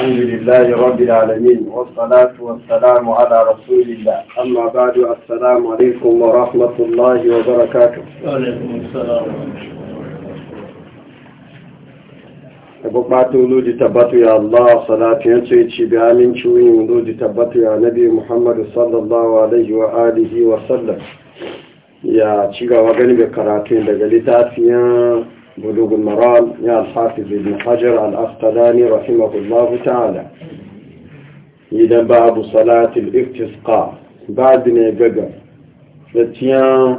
الحمد لله رب العالمين والصلاة والسلام على رسول الله أما بعد السلام عليكم ورحمة الله وبركاته وعليكم السلام أبوك باتو لو تبتو يا الله صلاة ينسو يتشبع من شوين لو تبتو يا نبي محمد صلى الله عليه وآله وسلم يا تشيغا وغني بكراتين بجلتات يا بلوغ المرام يا الحافظ ابن حجر الأختلاني رحمه الله تعالى إذا باب صلاة الافتسقاء بعد ما يبقى لتيان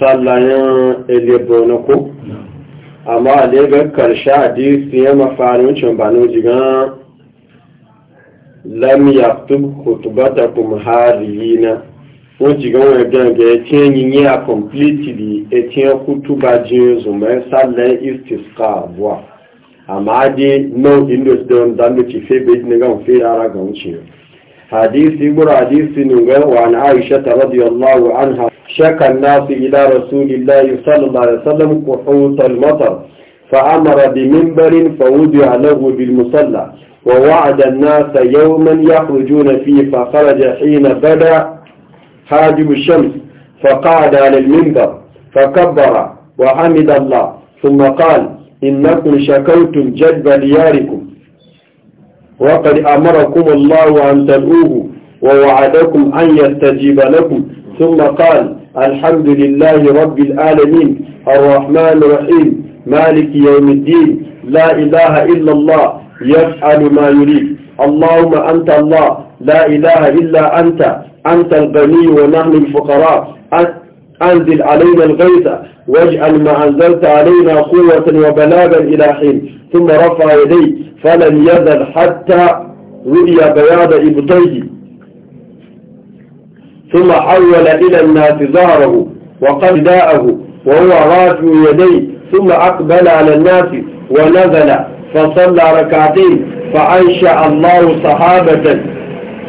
صلاة اللي بونكو أما ليك كرشا دي سيما فارون شنبانو جيغان لم يكتب خطبتكم هذه wọ́n ti gan wọn gan gan ẹtí ẹyin yẹn a completely ẹtí ẹkú túbà jẹun zùmọ̀ ẹsà lẹ́ ìsìská àbúà àmọ́ adé náà ìlú ìsìdẹ́wọ̀n dáná ti fẹ́ bẹ́ẹ̀ ní gan fẹ́ ara gan ṣe. حديث يقول حديث نقول وعن عائشة رضي الله عنها شك الناس إلى رسول الله صلى الله عليه وسلم قحوط المطر فأمر بمنبر فوضع له بالمصلى ووعد الناس يوما يخرجون فيه فخرج حين بدأ حاجب الشمس فقعد على المنبر فكبر وحمد الله ثم قال إنكم شكوتم جلب دياركم وقد أمركم الله أن تلؤوه ووعدكم أن يستجيب لكم ثم قال الحمد لله رب العالمين الرحمن الرحيم مالك يوم الدين لا إله إلا الله يفعل ما يريد اللهم أنت الله لا إله إلا أنت أنت الغني ونحن الفقراء أنزل علينا الغيث واجعل ما أنزلت علينا قوة وبلاغا إلى حين ثم رفع يديه فلم يزل حتى ولي بياض إبطيه ثم حول إلى الناس ظهره داءه وهو رافع يديه ثم أقبل على الناس ونزل فصلى ركعتين فأنشأ الله صحابة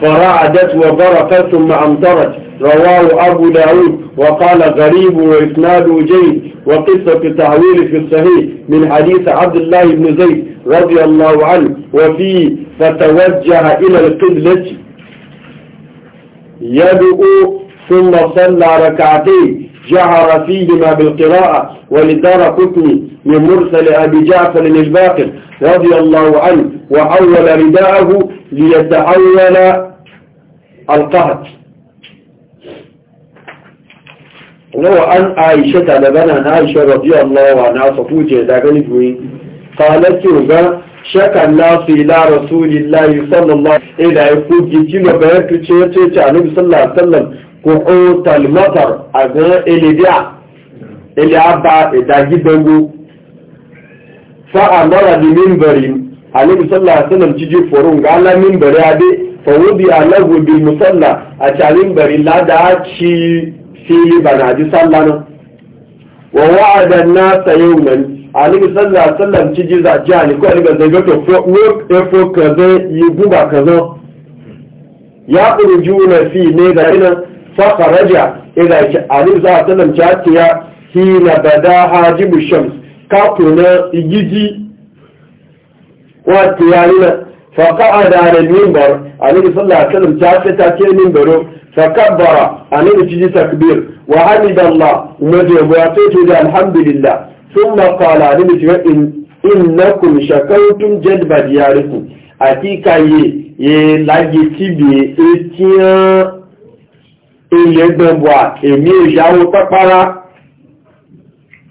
فرعدت وبركت ثم أمطرت رواه أبو داود وقال غريب وإسناده جيد وقصة تعويل في الصحيح من حديث عبد الله بن زيد رضي الله عنه وفيه فتوجه إلى القبلة يدعو ثم صلى ركعتين جهر فيهما بالقراءة ولدار قطني من مرسل أبي جعفر الباقر رضي الله عنه وأول رداءه ليتأول alqahat lọ́wọ́ an aisha ta daga na aisha radiyallahu anha ta kuje da gani buyi qalat ga shaka nasu ila rasulillahi sallallahu alaihi da ya kuji kino bayan tuce ya ce ce annabi sallallahu alaihi wasallam ko qutal matar a ga elidia elidia ba idagi dango fa amara bi minbarin annabi sallallahu alaihi fawudi alahu bil musalla a carin bari lada ci fili bana ji sallah nan wa wa'ada nasa yawman alibi sallallahu alaihi wasallam ci jiza ji ali ko alibi zai gato fo kaza yi guba kaza ya kurjuna fi ne da ina fa kharaja idan ci alibi فقعد على المنبر عليه صلى الله عليه وسلم جاءت تاكي المنبر فكبر عليه تجي تكبير وحمد الله ومدعو ويعطيته الحمد لله ثم قال عليه إن إنكم شكوتم جلب دياركم أتيكا يي لاجي تبي إتيان إلي دبوا إمي جاو تقرا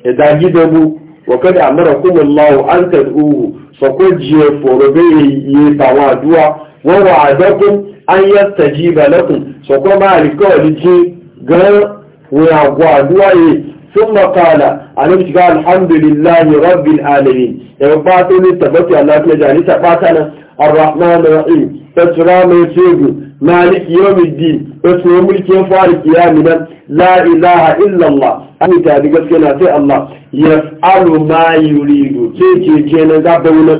إذا جدبوا وقد أمركم الله أن تدعوه فقد جيفور بيه يتعوى دعا ووعدكم أن يستجيب لكم فقد مالك لجي قال ويعوى دعا ثم قال أنبت قال الحمد لله رب العالمين يبقى تولي تبطي الله تجعل تبطنا الرحمن الرحيم تسرى من سيده مالك يوم الدين بس هو ملك يفارق يامنا لا إله إلا الله أنت بقفنا في الله يفعل ما يريد كي كي كي جينا قبونا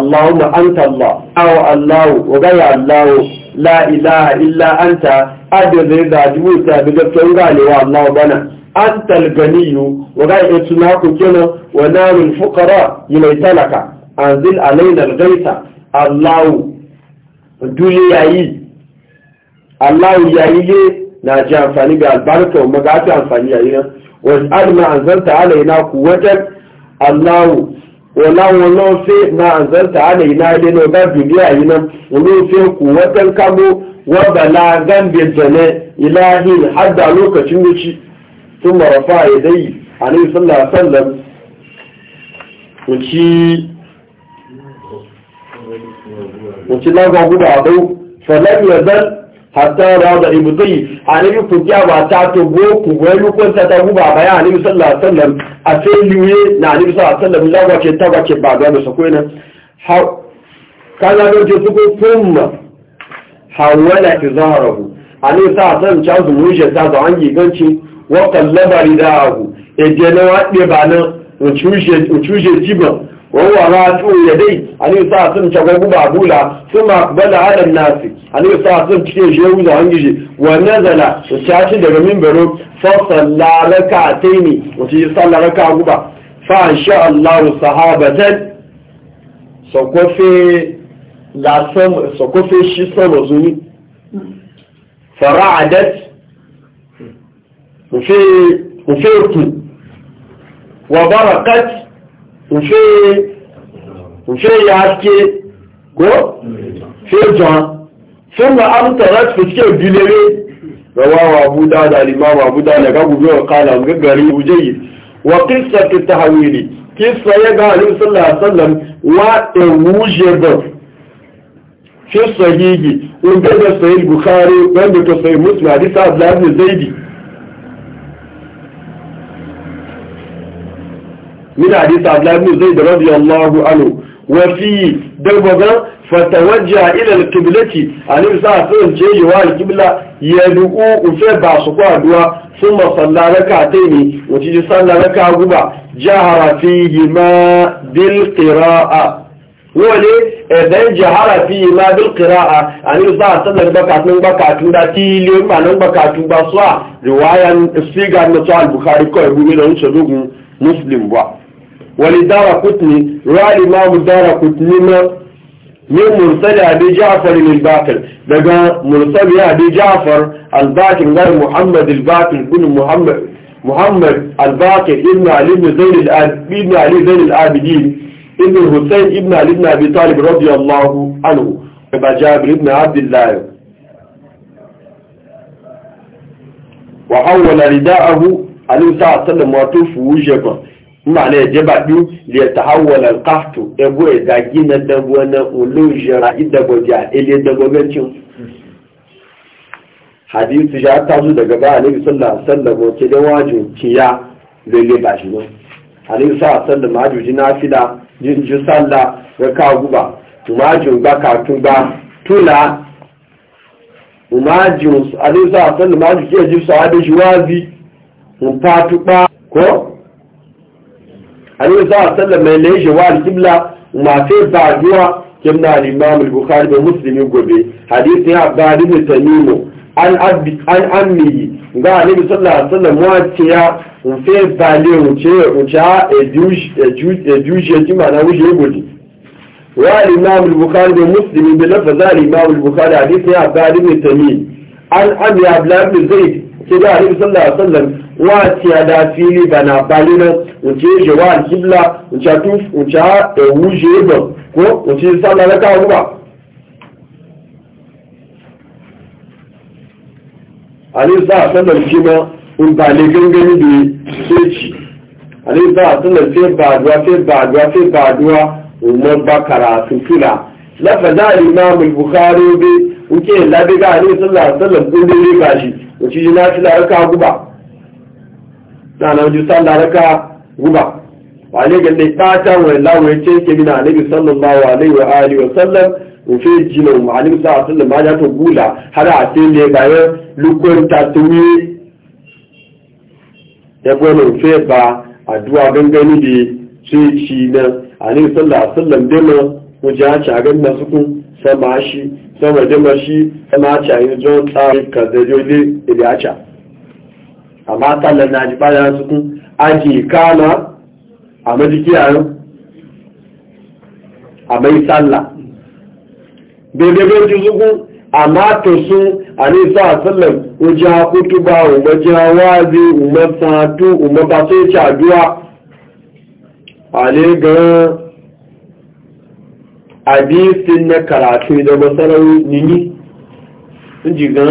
اللهم أنت الله أو الله وغير الله لا إله إلا أنت أدل إذا جبوت بقفنا قال والله بنا أنت الغني وغير إتناك كنا ونام الفقراء يليتلك أنزل علينا الغيث الله duniya yi Allah ya yi ne na ji amfani ga albarka wa maga ta amfani yayi nan wasu alma an zanta alaina kuwatar Allah wala wala fe na an zanta alaina ne na ga duniya yi nan wani fe kuwatar kamo wa bala gambe jane ilahi hadda lokacin wuci sun marafa ya dai a nabi sallallahu alaihi wasallam wuce lagwa guda a dau falam ya zan hatta rawa da ibudai a nabi ku ya ba ta to go ku wai lukun ta ta guba baya a nabi sallallahu alaihi wasallam a sai liye وهو راجع يدي عليه الصلاة والسلام شغل بابولا ثم أقبل على الناس عليه الصلاة والسلام تكي جيوز عنجي ونزل وشاشي دغ منبر فصلى ركعتين وتجي صلى ركع غبا فإن شاء الله صحابة سوكوفي لا سوم سوكوفي شي سمزوني فرعدت وفي وفي وبركت nfe ya ke ko fejan sun ma an tara fiske bilere rawawa abu da da limama abu da daga gobe wa kala gaggari wujayi wa kissa ta tahawili kissa ya ga alim sallallahu alaihi wasallam wa ewujeba fi sahihi wanda da sahih bukhari wanda ta sahih muslim hadith abdullah ibn zaidi من حديث عبد الله بن زيد رضي الله عنه وفي دبغا فتوجه إلى القبلة عليه الصلاة والسلام جاي والقبلة يدعو أفبع سقوى دعا ثم صلى ركعتين وتجي صلى ركع غبا جهر فيهما بالقراءة wole ẹ̀bẹ̀ ń jẹ hara fi ma bil qira'a a ní za a sanar bakatun bakatun da tilin manan bakatun ba suwa riwayan sigar na su al-bukhari kawai gumi da wuce dogon muslim ba ولدار قتني رأي الإمام دار قتني ما من مرسل أبي جعفر الباكر لقى مرسل أبي جعفر الباكر غير محمد الباكر بن محمد محمد الباكر ابن علي بن زين ابن علي زين العابدين ابن الحسين ابن علي بن أبي طالب رضي الله عنه جابر بن عبد الله وحول رداءه عليه الصلاة والسلام وتوفوا وجبه ma'ana ya jeba biyu da ya tahawalar kaftu ebo ya dagi na dabo na olóòṣèrà ìdàgbọ̀jà ilé dagbogancin e e hadisu ya tazo daga ba alaihi sallallahu sallam wace da wajin kiya lalle ba shi nan alaihi sallallahu sallam majuji na fila jinji sallah ga ka guba majin ba ka tuba tula majin alaihi sallallahu sallam majuji ya ji sahabi shi wazi mu fatuba ko annabi sallallahu alaihi wasallam mai laye wa alqibla ma sai ba duwa kimna al-imam al-bukhari da muslim gobe hadisi ya abdad ibn tamimu an abdi an ammi ga annabi sallallahu alaihi wasallam wa ce ya sai ba le uce uce edush edush edush ya kima na wuce gobe wa al-imam al-bukhari da muslim bi lafaz al-imam al-bukhari hadisi ya abdad ibn tamim an ammi abdad ibn zaid ce da annabi sallallahu alaihi wasallam wati a da fili ba na bali na wuce je wa alkibla wuce tuf wuce ewu je ba ko wuce sallah na kawo ba alisa a sallar kima in ba ne gangani da sai ci alisa a sallar sai ba duwa sai ba duwa sai ba duwa umar bakara su fila lafaza al-imam al-bukhari bi wuce labiga alisa sallar sallar kundin ne ba shi wuce yi na fila ka guba sanan ju sallah raka guba wale ga dai bata wa lawo yace ke mina annabi sallallahu alaihi wa alihi wa sallam ofe jina mu alim sa sallam ma ja to gula hada a ce ne bayan lukon tatuwi ya gwana ofe ba addu'a gangani da sai ci na annabi sallallahu alaihi wa sallam dai mu ja ci a ganin su kun sama shi sama jama shi sama ci a yi amma kallon na ji bayan sukun aji kama a majiki a yau a mai tsalla bebebe ji sukun amma to sun a nisa a tsallan wajen hakutu ba umarci hawazi nini nji gan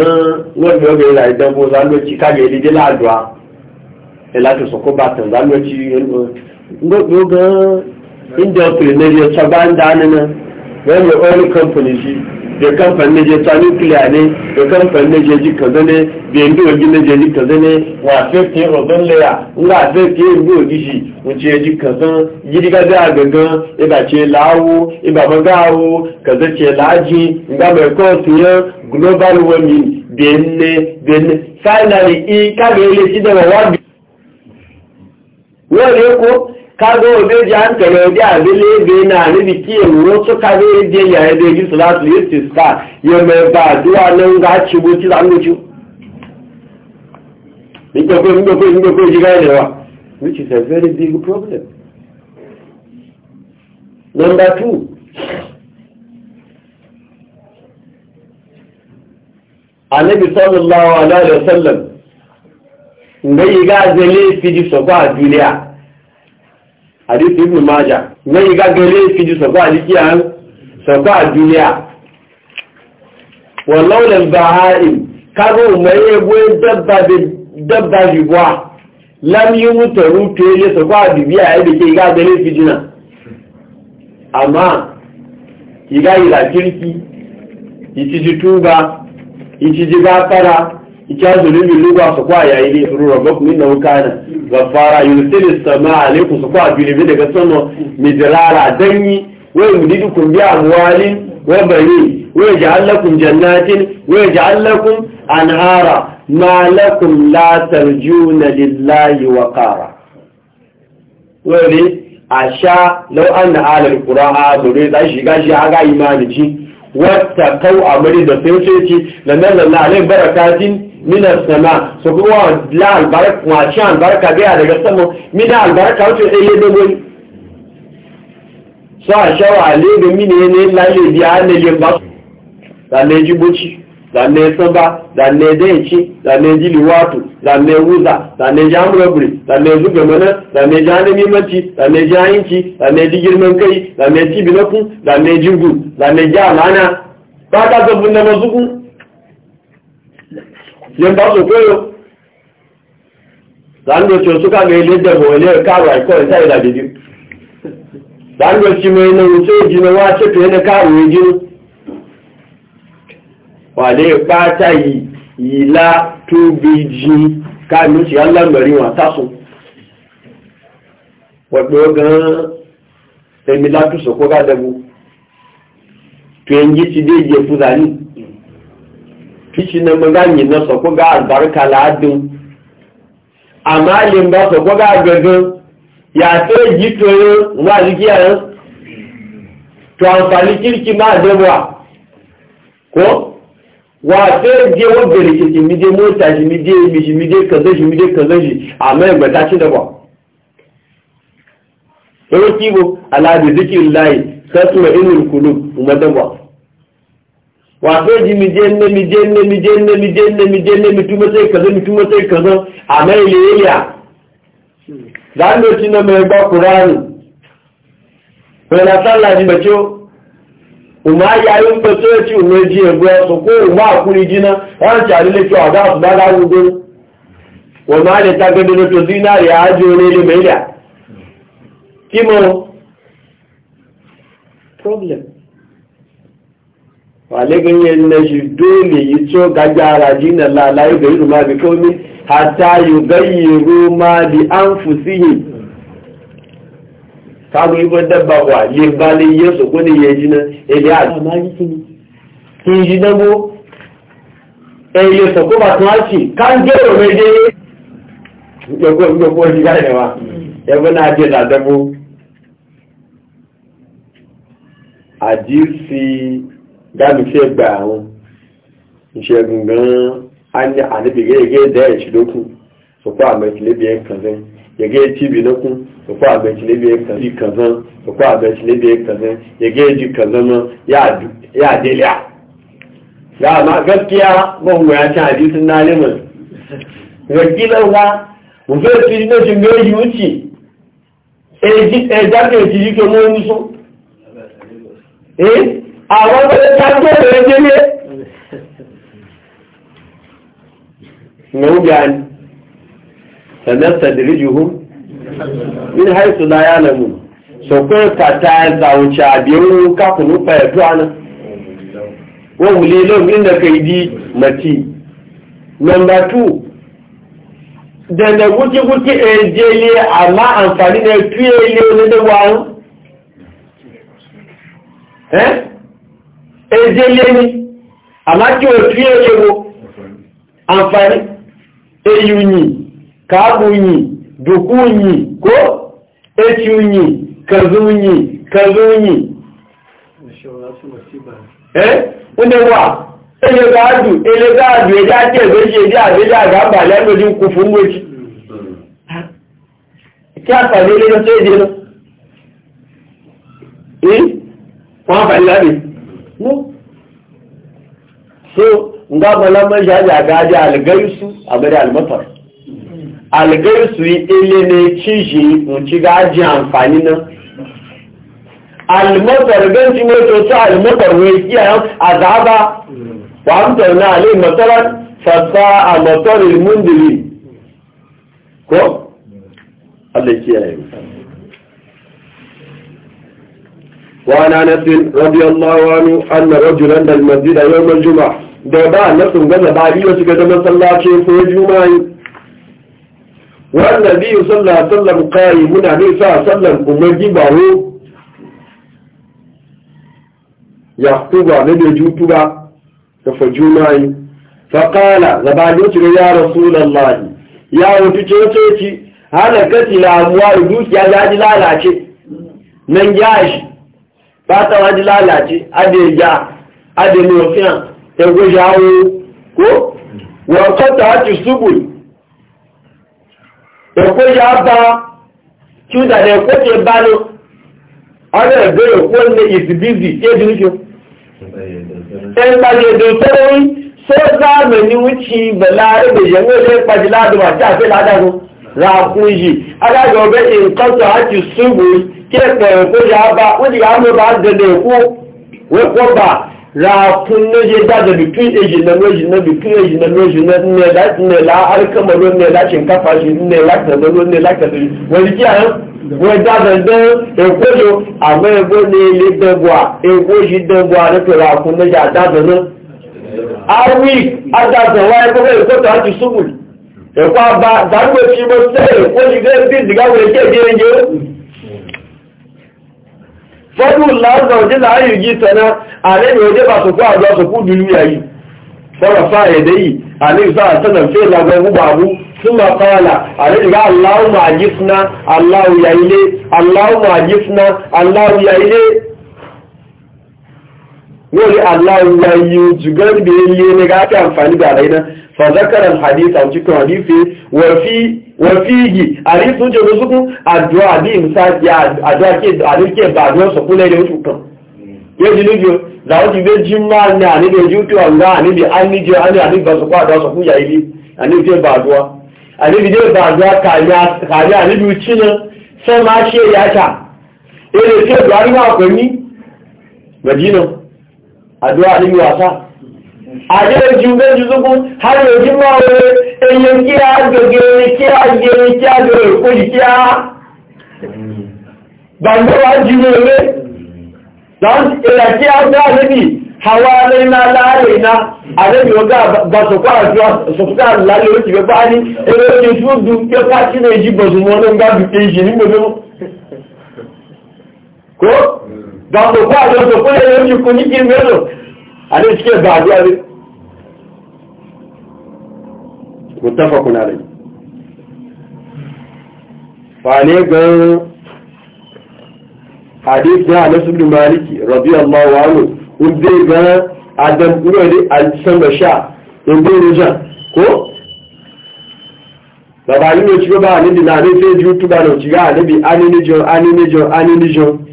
lọ́dún ọgbẹ̀ ìlà ìdánwò lálọ́ọ̀tì káyọ̀ ìdíje láàdùá ẹ̀ láti sọ̀kọ́ bá tàn lálọ́ọ̀tì lọ́dún gan industry méje sọba ń dá nínú wọ́n yẹ oil company sí the company méje ta nuclear ní the company méje jí kàndé ní the ndí òjì méje jí kàndé ní wọ́n àfẹ́kì ọ̀dọ́ ńlẹ́yà ńlá àfẹ́kì ndí òjì sí ńtí ẹjì kàndé yídígádé àgbẹ̀gán ìbàtí làáwó ìbàmọ́gáwó kàndé tiẹ̀ làájì ńgbàmẹ̀kọ́ ọ̀tún yẹn global warming benne benne finally i kaga ile shi da wabi wọ́n ko kaga obe ji an tẹ̀lẹ̀ obi abele ebe na níbi kí èrò tó kaga ebe yà ẹgbẹ́ jù sọ láti yóò ti sá yẹmọ ẹgbà àdúrà náà ń ga ṣubú tí là ń lójú nígbàgbé nígbàgbé nígbàgbé ìjìká ilẹ̀ wa which is a very big problem number two annabi sallallahu alaihi wasallam ngai ga zele fiji so ba duniya hadith ibn majah ngai ga zele fiji so ba dikiya so ba duniya wallahu lil bahaim kago mai gwe dabba dabba riwa lam yumtaru tele so ba bibiya ai dake ga zele fiji na amma iga ila kirki itiji tuba ìjíjí gáfárá ìjáàzù nínú ìlúgbà sọ̀kọ́ àyà ilé ìfúrú rọ̀gbọ́kùn nínú kánà gàfárá yunifásitì sàmà àlékún sọ̀kọ́ àbìnrin bí daga sọ́nà mìdìlára dányi wọ́n ìmùdídùkùn bí àmúwálín wọ́n bẹ̀rẹ̀ wọ́n jàálẹ́kùn jannatin wọ́n jàálẹ́kùn anhara malakun latarjuna lillahi wa qara wọ́n rí àṣà lọ́wọ́ àná alẹ́ kùrọ̀ ààbò rẹ̀ láì ṣìgáṣì agá ìmáàlì jí wata kau a mari da sai wuce ce da nan da na alai barakatin mina sama su kuma la albarka wace albarka gaya daga sama mina albarka wuce ɗaya ya dogo sa shawa ne ga mini ne lalle biya ne ba su lalle jibuci zane samba zane denci zane jiliwatu zane wuza zane jamurabri zane zuga mana zane jani mimanci zane jayinci zane ji girman kai zane ci binakun zane jirgu zane ji amana ba ka zafin na mazuku yin ba su koyo zandoci suka ga ile da bole karo aiko ita ila bibi zandoci mai na wuce jina wace fiye na karo ya jini wale pata yi ila tubiji ka mi ti alamari wọn taso wọ́pẹ́ gan ẹmi látúsọ̀ kó bá dẹ̀bù tó ẹnjí ti dé ìjẹ fúdà ní kíṣì na mọ́gá yìnà sọ kó gá àgbàríkà láàdùn àmà lè ń bá sọ kó gá gẹ̀gán yàtọ̀ èjì tó yẹ wọ́n àríkí ẹ̀rán tó àǹfààní kíríkì máa dẹ̀bù à kó de de de de wato de wadda rikici mije mota shi de miji mije de shi mije kaza shi amma yagba ta ci de ba yau de alabi zikin layi sasu ma inin kulu kuma de ba wato ji mije ne de ne mije ne mije ne de ne mituma sai kaza mituma sai kaza amma ilayya za mu ci na mai ba kurani ko na sallah ji bacho òmá yarí ń pẹ̀tọ́ ẹ̀tí òmé jí ẹgbẹ́ ọ̀sọ̀ kó òmá àkúrí jíná láti àrílẹ́kọ́ àdáàtù bá láwúgbó wọ́n máa lè tagẹ́dẹ́dẹ́ tó dínárì àájú orílẹ̀ mẹ́lẹ̀ kí mọ́ problem wà lẹ́gbẹ̀ẹ́ ẹnẹ́ṣù dóòlè yìí tó gájá ara jínà láàláì kalu ibo dabba wa ye bali ye so ko ne ye jina ele a ma sini ki jina bo e ye ba twa chi kan je o me je yo ko yo ko ji ga na je da dabu gani gáàmìsí ẹgbà àwọn ìṣẹ́gun gan-an a ní àníbìgẹ́gẹ́ dẹ́ ìṣìlókù sọpọ̀ àmẹ́kìlébìẹ́ kan sẹ́yìn yaga ya cibi na ku da ku abinci ne bai yi kazan da ku abinci ne bai yi kazan yaga ya ji kazan nan ya deliya ya ma gaskiya mahu ya ci hadisun na liman wakilan wa mutu da fili na jin mai yuci e, e jaka e? ya jiri kemo niso eh a wanda ya tanto da ya jele ne ubi ani sanastadrijuhum min haythu la ya'lamun so ko fata za wuce abin ka kunu fa yato ana wa wulilum inda kaidi mati number 2 danda guji guji ejele amma amfani da tuyele ne da wani eh ejele ni amma ki o tuyele wo amfani kabunyi dukunyi ko echunyi kazunyi kazunyi eh wọ́n wà elegaadu elegaadu ẹjá jẹ́ ìgbéṣẹ́ ìdí àgbéjá àgbàgbà lẹ́gbẹ̀ẹ́jú kú fún méjì kí a pàdé ilé tó èdè lọ eh wọ́n pàdé láti mú so ń gbábọ̀ lọ́mọ́ ìṣàjà àgbàjá àlẹ́gẹ́rìsú àgbẹ̀rẹ̀ àlùmọ́tọ̀rọ̀ algarsu ile ne ciji unci gaji amfani nan almasar ganci mai tosu almasar wai kiyayen azaba wa hamtar na alai matsalar fasa a matsalar mundiri ko? Allah kiyaye وعن انس رضي الله عنه ان رجلا المسجد يوم الجمعه ده بقى الناس جنب بعض يوسف كده مصلاه في الجمعه والنبي صلى الله عليه وسلم قائم النبي صلى الله عليه وسلم أمجبه يخطب نبي جوتبا فجوناي فقال زبانيت يا رسول الله يا وتجوتي halakati na amuwa dukiya ya ji lalace nan ya shi fata wa ji lalace ade ya ade ne ofiyan ya ko wa kata subul ekweghị aba chuda na ekweghị ebanụ ọ na-ebe ekwe nne izibizi ejirikyo ẹgbàjẹ̀ ìdòtò orí sọ́gbàmẹ̀ ni wọ́n ti bẹ̀lá ẹgbẹ̀yẹ̀ ń lè pàdé ládùn àti àfẹ́ ládàrún ràkún yìí adájọ́ ọbẹ̀ ìkọ́tọ̀ àti ṣùgbọ́n kí ẹ̀pẹ̀ ẹ̀kọ́ yà bá wọ́n ti yà mọ́ bá gẹ̀lẹ̀ ẹ̀kọ́ wẹ́kọ́ bá La rafin noje da da bikin eji na noji na bikin eji na noji na ne la ne la har kamaro ne la shinkafa shi ne la kazaro ne la kazaro wani kiya yan wani da da da ekojo amma ego ne le dangwa ego shi dangwa na to rafin noje da da nan awi adada wa ego ne ko ta ti subul ekwa ba da ko ti mo se e ko ji ga e bi diga wo ke je je fọ́dún láàrín òjé láàrín ìgí tẹ̀nà ààrẹ ni òjé bá sọ̀kú àjọ sọ̀kú dúlú yàyí fọ́nà fáyẹ̀dẹ́ yìí ààrẹ ìfẹ́ àtẹ́nà fẹ́ lagbọn gbogbo súnmọ̀ fáyàlà ààrẹ ìgbà aláwọ̀mọ̀ àjífúná aláwọ̀yà ilé aláwọ̀mọ̀ àjífúná aláwọ̀yà ilé wọ́n rí aláwọ̀yà yìí jùgọ́ níbi ilé ní gáfẹ́ àǹfààní bàrẹ̀ náà فذكر الحديث عن تكون حديث وفي وفيه حديث جو رزقو ادعاء دي مساج يا ادعاء كي ادعاء كي بعدو سكون له وشكم يجي نجو لو دي بجمع يعني دي جوتو الله ني دي اني جو اني اني بس كو ادعاء سكون يا يدي اني دي بعدو اني دي بعدو كايا كايا اني دي تشين سما شي يا تا ele ke gari ma ko ni madina addu'a ni wasa àjẹ́jú méjì tókún hajjẹ́jú máa rẹ̀ ẹyẹ kí a gẹ̀gẹ̀rẹ̀ kí a gẹ̀rẹ̀ kí a gẹ̀rẹ̀ kójì kí a gbàgbọ́wà jù rẹ̀ ẹ̀yà kí a gbá níbi hawa lẹ́nà láàrẹ̀ná àdẹ́bì ọgá gbàsọ̀kọ́ àti ọ̀sọ̀kọ́ àlàlẹ̀ ó ti rẹ̀ bá ní ẹgbẹ́ oṣù fún dùn kí ó ká sí ní èjì bọ̀sùnmọ́ ní gbàgbì kejì nígbòmọ́ kó gbàsọ̀kọ́ àti ọ̀sọ̀kọ́ lẹ́yìn oṣù kò ní kí mẹ́lò ale suke ba a ne mutafa kuna da fa ne gan hadith na anasu bin maliki radiyallahu anhu in zai ga adam kuma ne alisan da sha in bai rujan ko babayi ne ci gaba a nabi na ne sai ji hutu ba na ci ga a nabi aninijon aninijon aninijon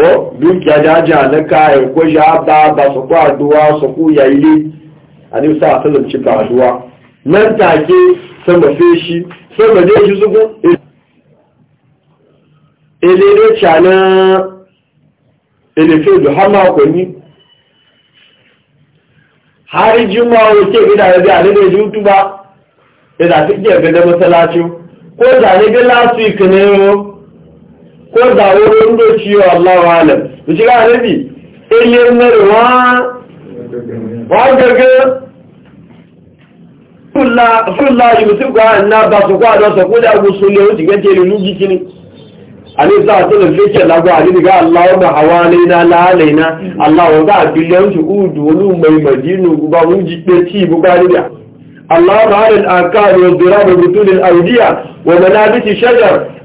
ko dukiya da aji halaka ya ko ya ba ba su ko aduwa su ko ya yi a ne sa ta zance ba aduwa nan take san ba fe shi san ba dai shi zugo chana ele fe do hama ko ni har juma'a ke gida da ne da youtube ba da take ga ko da wurin da ciwo Allah wa alam da shiga annabi ilin narwa wa gaga sulla yusuf ga anna ba su kwa da su kuda gusule wuce ga jeli lugi kini ani za ta da fike lagu ani ga Allah wa hawalaina la alaina Allah wa ga biliyan ju udu lu mai madinu ba mu ji pe ti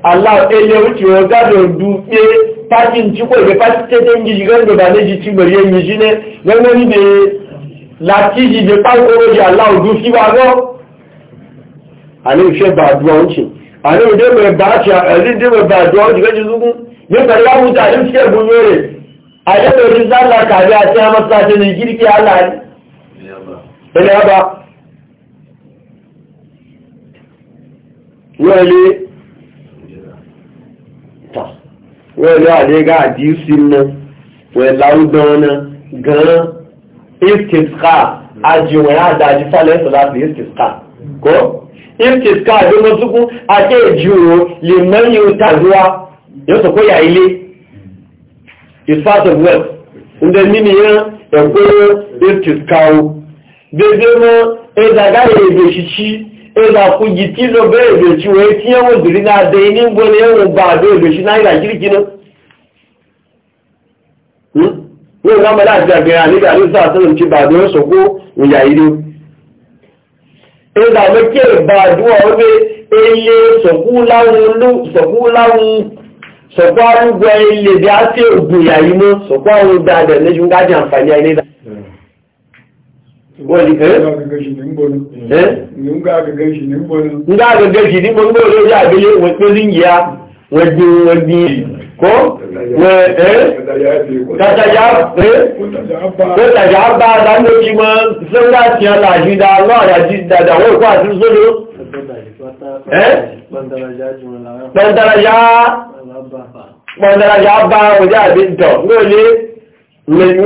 Allah ele wuce wa gado dutse fatin ci kwa da fatin ta dangi shigar da ba na e e ji ci bari yin shi ne don wani da lati ji da farko da Allah du shi ba go alim she ba duwa wuce alim da mai ba ci alim da mai ba duwa wuce gaji zugun ne ka ya mutu alim shi bu yore a da bai zalla ka ga ta masa ta ne girki Allah ne ya ba wani wọ́n lọ àdégá àdíúsí mọ́ wọ́n láwùdán ọ̀nà gan-an istiska àjùwọ̀n àdájú sálẹ̀ ẹ̀sọ̀ láti istiska kó istiska àjọmọ́súkú àti ìjúwò lè mẹ́rin tàbíwá yóò sọ kóyà ilé is part of wealth ndẹ nínú yẹn ẹ̀kọ́ istiska o dédé mọ́ ẹ̀dàgá èdè ṣíṣí eza kuji tilo bebe chiwe tiye wo diri na de ni ngole wo ba do lo shi na ira jiri kino hm wo na mala ja be ani ga lu sa so nti ba do so ko nya iru eza me ke ba do o be eye so ku la wo lu so ku la wo so kwa lu gwa ile bi ati ogun ya yi mo so kwa wo da de le ju ga di àǹfààní ile da bọ́ọ̀lì ẹ́ ǹgá gẹ́gẹ́ jì ní gbọ́nà lórí àgbélé wọ́n tó ní ìyá wọ́n di wọ́n di kọ́ wọ́n ẹ́ tàtàjá bá dáńdó kí mọ́ sẹ́gbà tí a làjú dá lọ́ọ̀yà jí dàdà wọ́n kọ́ àti sóló pọ̀ndàrájá bá wọ́n jẹ́ àbí ìtọ̀ ní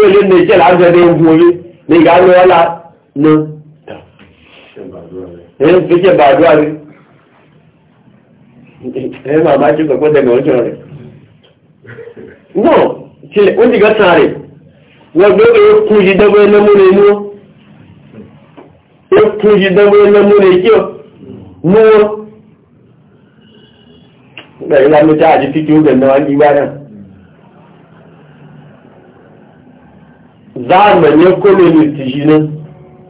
olè ní ìjẹ́ láàrín ẹgbẹ̀ ogun orí ní ìgbà ní ọlá ní ẹ̀yìn fi ṣe bàdúrà rí ẹ̀yìn màmá ṣe pẹ̀pẹ́ dẹ̀gbẹ̀ ọjọ́ rẹ̀ náà ṣe ó ti gẹ́ sáré wọ́n gbé ekú yìí dẹ́gbẹ́ lẹ́múrẹ́ inú ekú yìí dẹ́gbẹ́ lẹ́múrẹ́ kí ọ mú wọn bẹ̀rẹ̀ ìlànà tí a ti fi kí ó gẹ̀ẹ́nà wáyé wá náà záàmù ẹ̀yẹ kó lè lè tìyí náà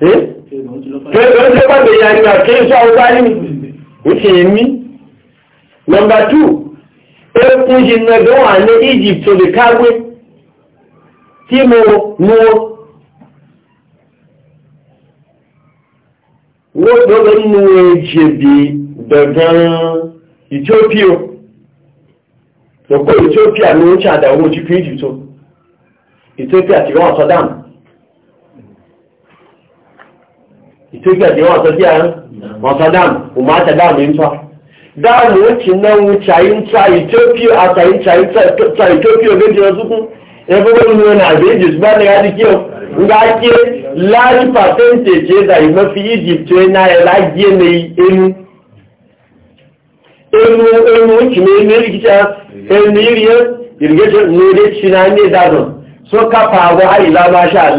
kéèkéé pàtẹ ìyàgbà kéè sọ ọgbà nínú ó ṣe èmi nọmbà 2 ẹkùn jìnnà gẹ́wà ní egypt tó lè káwé tí mo mú wọ́n gbọ́gbọ́ nínú èjèbì dọ̀gbọ́n ethiopia lọ́pọ̀ ethiopia ló ń ṣàdà owó ojú fún egypt ethiopia ti rán ọ̀tọ́dàmù tuka da yawa tafiya wasa dam kuma ta dam yin fa da lokacin nan wucayin ta Ethiopia a tayin tayin ta Ethiopia ga jira zuku ya ba wani wani abeji ba ne ya ji kiyo ga ke large percentage da yi mafi Egypt na ya lagi ne enu enu enu kime ne rikita enu iriyar irgajin ne da cinanye so kafa wa ila masha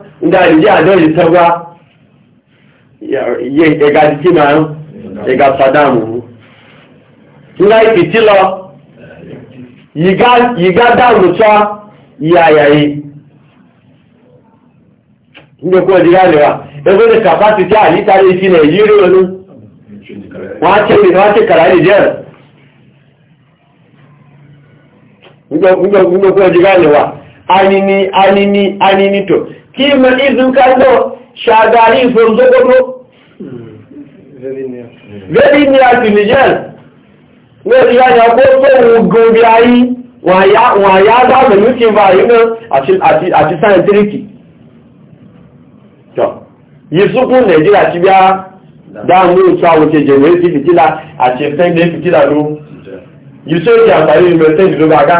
ndị adịghị adọghị tọgwa ịga e adịghị ma ịga e sadam ndị ikiti yiga damu tọ yayayi ndị kwa ọdịga lewa ebe ndị kapasiti a yitara isi na eyiri onu nwa chekara ndị jere ndị kwa ọdịga anini anini anini to kima izin kallo chagari fonzo gogo very near to niger wọ́n ya ya kó tó ogun bí ayé wọ́n ya dáàbẹ̀ ní kí n bá ayé náà àti sáyẹ̀ntírìkì tọ́ yìí súnkún nàìjíríà ti bí a dáàmú ìtọ́ àwọn ti jẹ̀rẹ̀ sí fìtílà àti ẹ̀fẹ́ ilé fìtílà ló yìí tó ìjà àtàrí ìmẹ̀tẹ́ ìlú bá ká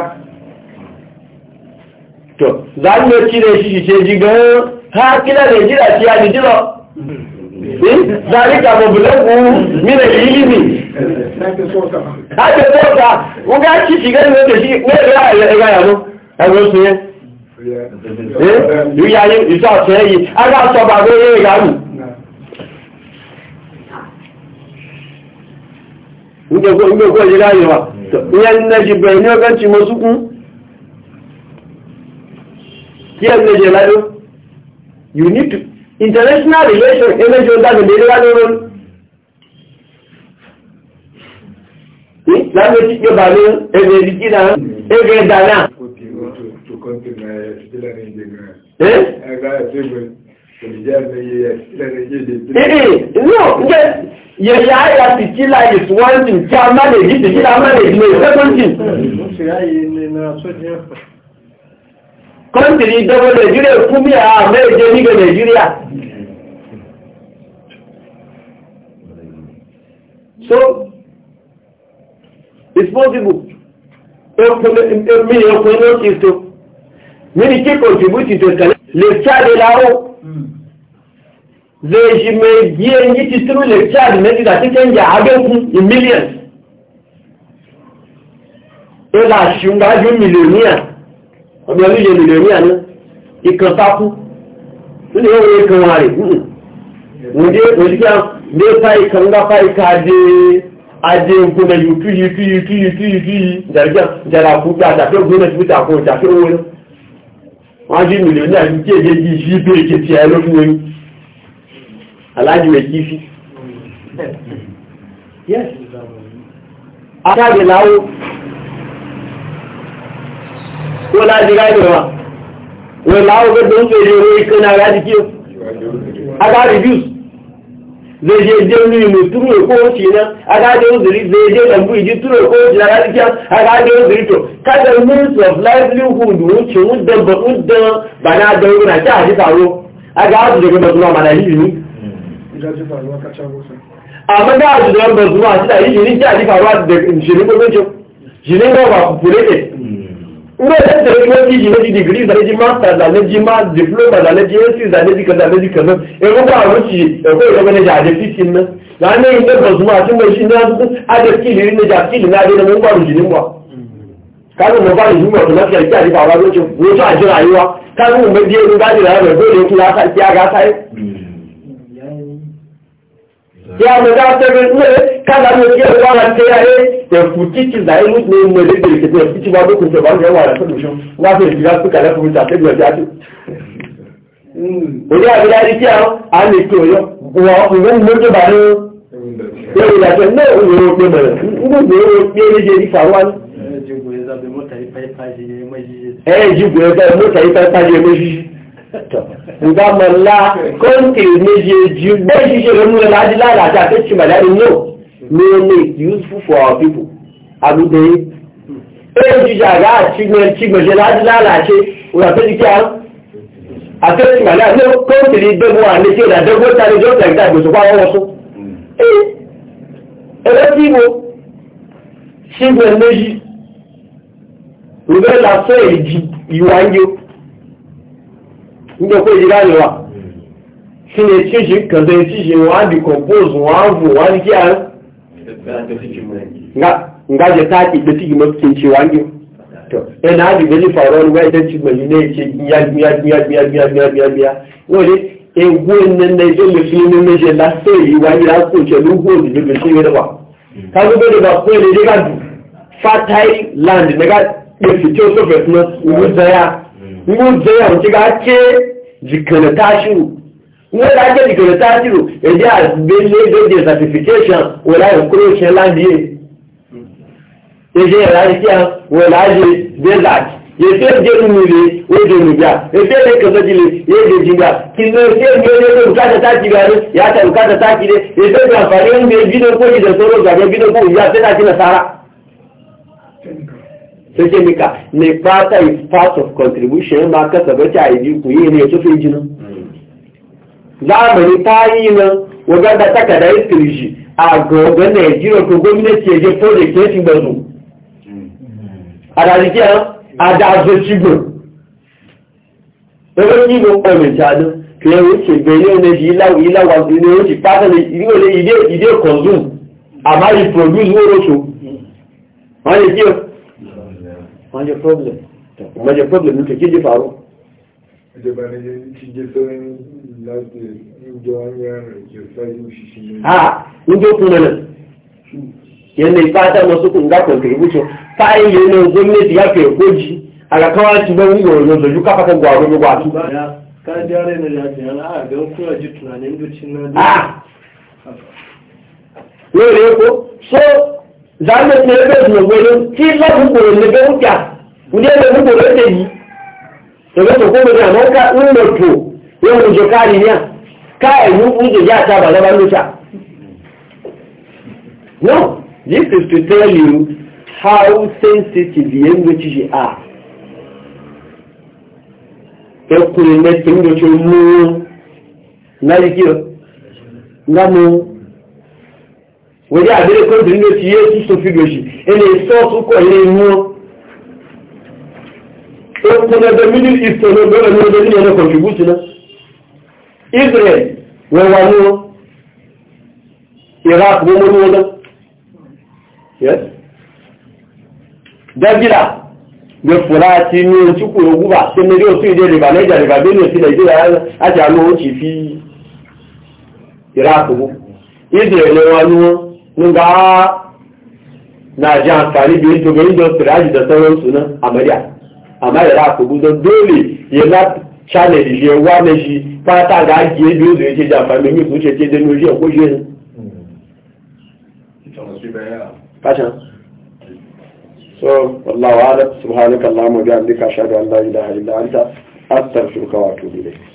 to za mu ci da shi ce ji ga ha kila da jira ci ya jira zalika ba bulagu mina ilimi ha ta tota ko ga ci shi ga ne da shi ne da ya ga ya no ha go su ye eh yu ya yi isa ce yi aga so ba go ye ga mu Ndé kó ìgbé kó ìyíká yìí wà, ìyẹn ní ẹjì bẹ̀rẹ̀ ní ọgá tí mo súnkún here in Nigeria, you need to, international relation, energy on that, the Nigeria láti tí yóò bá ní ẹgbẹ̀ ìdíjí náà ẹgbẹ̀ ẹ̀dà náà. Eh, eh, Yẹ̀yà ayà ti kí láyé tí wọ́n ti kí a máa lè jí ti kí a máa lè jí lè fẹ́ tó jì. Ó ṣe ráyé ní ẹ̀nà sójú ẹ̀fà kọ́ntìrì ìdọ́gbọ́ nàìjíríà fún bí i àmẹ́ ìjẹ́ nígbẹ̀ nàìjíríà so it's possible mini ọkùnrin náà ti so mini kí contribute to ìkàlẹ̀ lè ṣáàdé láwọ́ zai ṣi mẹ́gbí ẹni ti tírú lè ṣáàdé méjì àti kẹ́ńjà agẹ́kùn in millions ẹlà ṣùgbájú mílíọ̀níà ọ̀bí ọdún ìjẹ mìlíọ̀nì àná ìkan sákú nínú ìwé òwe kan wà rẹ̀ wòdí òdí kí á lé fáì kan ńlá fáì ká dé adé gbọmọ yìí túyì túyì túyì túyì túyì jàdíjà jàdà kú gbà àtàkì ògbóná ti fìtà kó ìtàkì owó náà wọ́n jí mìlíọ̀nì àti tí èdè yìí yí bèrè kìtì ẹ̀ lófin wọn aláàjì rẹ̀ kí fi. yes. akáàdì láwọ́ ko na ji ganewa wai lawo ga don tsere wai kana ga jiki a ga reviews zai je je ni mu turo ko ci na a ga da uzuri zai je dan bu ji turo ko ci na ga jiki a ga da uzuri to kada means of livelihood wuce wudda ba wudda ba na da wuna ta ji taro a ga su daga bazuwa mana yi ni amma da su daga bazuwa shi da yi ni ta ji faruwa da shirin gwamnati shirin gwamnati populated ngo da da ko ji ne ji degree da ji master da ji ma diploma da ji SC da ji kaza da ji kaza e ko ba wuci e ko ga ne ja da fitin nan da ne inda ba zuma tun mai shi na a da kili ne ja kili na da mun ba ruji ne ba ka mu ba ruji mu da lafiya ki a ba ba wuci wuci a ji rayuwa ka mu mai je ni ga ji rayuwa ko ne ki ya ka ya ga sai ya mu za ta ga ne kana mu ke wa ran ta yare da futi ci da mu ne mu da ke da futi ba ku ce ba ne wa ran ta dushin wa ta ji ga su kala ku ta ta ga ta ci orí àbílá rí tí a lè kí ọyọ́ wọ́n mú tó bá ní lórí ìdájọ́ náà òun yóò pé mọ̀rẹ̀ nígbò yóò pé méje ní fàwọn wá ní. ẹ̀ẹ́dìgbò ẹ̀dá mọ́tàrí páípá nga malla konti méjèèjì bẹ́ẹ̀ ṣiṣẹ́ lónú rẹ̀ láti láàrín àti màdáni no may make useful for our people àbúdé ẹ̀rọ jíjà àgá àti gbẹ̀ṣẹ̀ láti láàrín àti òyàfẹ́sì kí a àti màdáni no konti ní dẹ́gbọ́n àti tí ìdá dẹ́gbọ́n tani jọ́ tẹ̀gbẹ́ àgbẹ̀sọ̀ pa wọ́n wọ́sọ́ ẹ̀rọ tí mo ṣígbẹ̀ méjì rẹ̀ lásán èjì ìwà ń yóò nígbà pé yìí láyé kí ni tí ìṣe kàn tẹ́ á di compose á vò wọn á kí á nga jẹ ìgbé tí ìgbìmọ̀ kì í ṣe wáyé ẹ̀ náà di gbẹ́lí fàwọn ọ̀rọ̀ nígbà ìṣe tí ìgbìmọ̀ yìí náà ṣe gbíyàgbíyàgbíyàgbíyàgbíyàgbíyàgbíyà wọ́n lé ewu ẹnẹ́nẹ́ tó lè fi ní méje lásìkò yìí wáyé lásìkò ìṣẹ̀lú gbòòdì níbi sí ìwé wa kájú bẹ́ẹ̀ bá fún ẹni nígbà dùn fertile land nígbà pèsè tí ó sọ̀fẹ̀ fún ìwé mun zo yau ci ga ce jikana tashiru mun da ke jikana tashiru eje a bele de certification wala ya kuro shi landiye eje ya lari kiya wala je desert yete je umile wede nubia yete ne kaza jile yede jinga kino yete ngene de yete ga fare ne bido ko ji da sai ce mika ne is part of contribution ma ka sabaci a yi ku yi ne ya tufe jinin zamani tarihi nan waganda takada ya kirji a gobe nigeria ko gwamnati ya je project ya shiga su a dajikiya a dazo shigo ɗaukar yi gon kwamitanu kìí wuce bẹ̀rẹ̀ ní ìlàwà ní oṣù pàtàkì ìdíwọ̀lẹ̀ ìdí consume àmáyí produce wọ́n So, wọ́n lè kí o major problem major problem ní kìkí faru ìjọba ní ti jẹ́ sọ́rin láti ìjọ ayára ìjọba yóò ṣiṣẹ́ ní ha níjọ́ kún mẹ́lẹ̀ yẹn lè fà dá lọ sókùn ńgá contribution fáyé yẹn lọ gómìnà ti bẹ́ wúwo lọ́dọ̀jú kápákọ̀ gbà ọ̀rọ̀ gbogbo àtú. káàdì ara ẹ̀nà ìyàjẹ̀ aláàgbẹ̀ ń kúrò jù tùnà ní ìlú so zane ti ebe ti o ti lọ́pù kò lè gbé ń jà ní ẹgbẹ́ ń kò lóde tó kúrò ní àmọ́ ká ń tó yóò mú jọ káàrí ní à ká ẹ̀yú ń jẹ yá àtàbà lọ́ba no this is to tell you how sensitive the english are. ẹkùnrin mẹ́tì ń lọ́tí mú náà yìí wòye àbẹ́rẹ́ kọ́ndìrí ló ti yé sísun fi lòṣì ẹni sọ́ọ̀tù kọ̀ ilé inú ó kún ẹgbẹ́ middle east ọ̀nà ọ̀gbẹ́rẹ́ ní ọdún ní ẹ̀rọ contribute náà israel wọ́n wà ní wọn iraq wọ́n mú ní wọn náà dábìlà lè fòrá àti inú ojú kò ogún bá ṣe méjì òtún ìdí rìbà lẹ́jà rìbà bí ní òsílẹ̀ ìdí rà àti àlọ́ òun fi iraq wọ́n israel wọ́n ní wọn nga na ji amfani da yake gari don firaji da sauransu nan a mariya amma da za ku gudun dole ya na channel ya wane shi fata ga ajiye biyu da yake jamfani domin su ce ce da nuri a kushe ne fashin so wallawa ala subhanaka allahumma bihamdika ashhadu an la ilaha illa anta